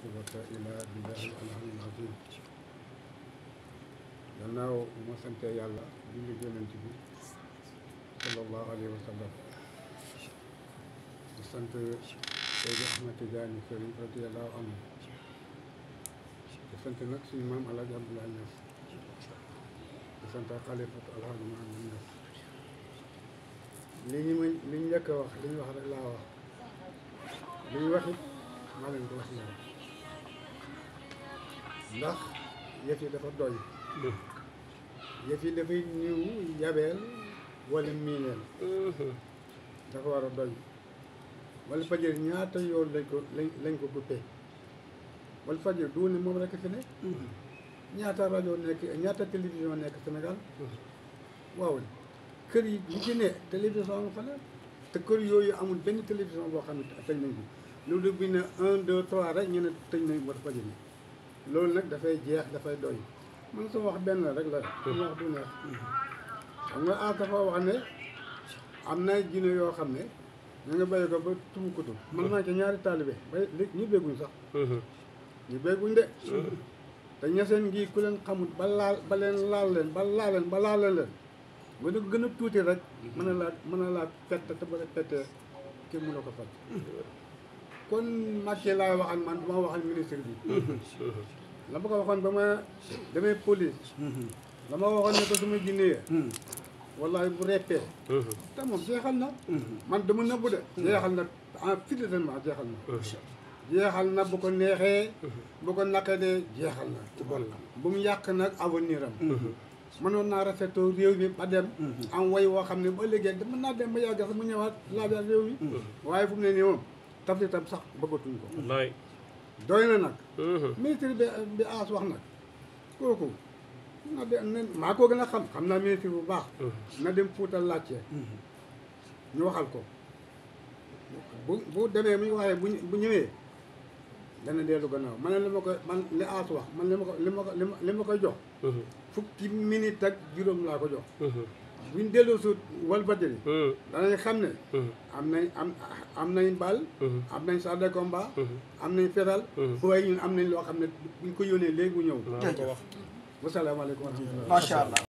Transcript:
القوة إلى بالله العلي العظيم لأنه مسنت يا الله بلي جل صلى الله عليه وسلم مسنت سيد أحمد تجاني كريم رضي الله عنه مسنت نفس الإمام على جنب الناس مسنت خليفة الله مع الناس لين من لين يكوا لين يحرق الله لين واحد ما لين واحد ndax yëf yi dafa doy yëf yi dafay ñëw yabeel wala miineel dafa war a doy wala fajar ñaata yoon lañ ko lañ ko guppee wala fajar du ne moom rek fi ne ñaata rajo nekk ñaata télévision nekk Sénégal waaw kër yi li ci ne télévision nga fa la te kër yooyu amul benn télévision boo xam ne tëj nañ ko lu dugg bi ne un deux trois rek ñu ne tëj nañ wala fajar ni loolu nag dafay jeex dafay doy man sama wax benn rek la sama wax du xam nga aar dafa ne am na jinne yoo xam ne ñu nga béy ko ba Tombouctou mën naa ca ñaari taalibe ba ñu bégguñ sax ñu bégguñ de te ñaseen ngi ku leen xamul ba laal ba leen laal leen ba laal leen ba laal leen nga di gën a tuuti rek mën na laa mën a laa pett te ba la pettee kenn mënoo ko faj kon Macky laay wax ak man du ma wax ak ministre bi. la ma ko waxoon ba ma demee police. la ma waxoon ne ko su ma jinnee. wallahi bu reppee. te moom jeexal na. man dama nëbbu de. jeexal na en fidèlement jeexal na. jeexal na bu ko neexee. bu ko naqadee jeexal na. ci la bu mu yàq nag avenir am. mënoon naa rafetoo réew mi ba dem. am way woo xam ne ba léegi mën naa dem ba yàgg sax ñawaat ñëwaat laajaat réew mi. waaye fu ne nii moom. tabletam itam sax bëggatuñ ko wallaay doy na nag mhm. ministre bi aas wax nag kooku na maa ko gën a xam xam naa ministre bu baax mhm. na dem Fuuta laajte mhm. ñu waxal ko bu bu demee muy waxee bu ñu bu ñëwee dana dellu gannaaw man ne li ma koy man li aas wax man li ma ko li ma ko li ma koy jox fukki minute ak juróom laa ko jox buñ delloo suut Walfadjri hmm. danañ xam ne hmm. am nañ am am nañ bal hmm. am nañ char de combat am nañ fetal waaye ñun am nañ loo xam ne buñ ko yónnee léegi bu ñëw ko wax wasalaamaaleykum wa rahmatulah macha allah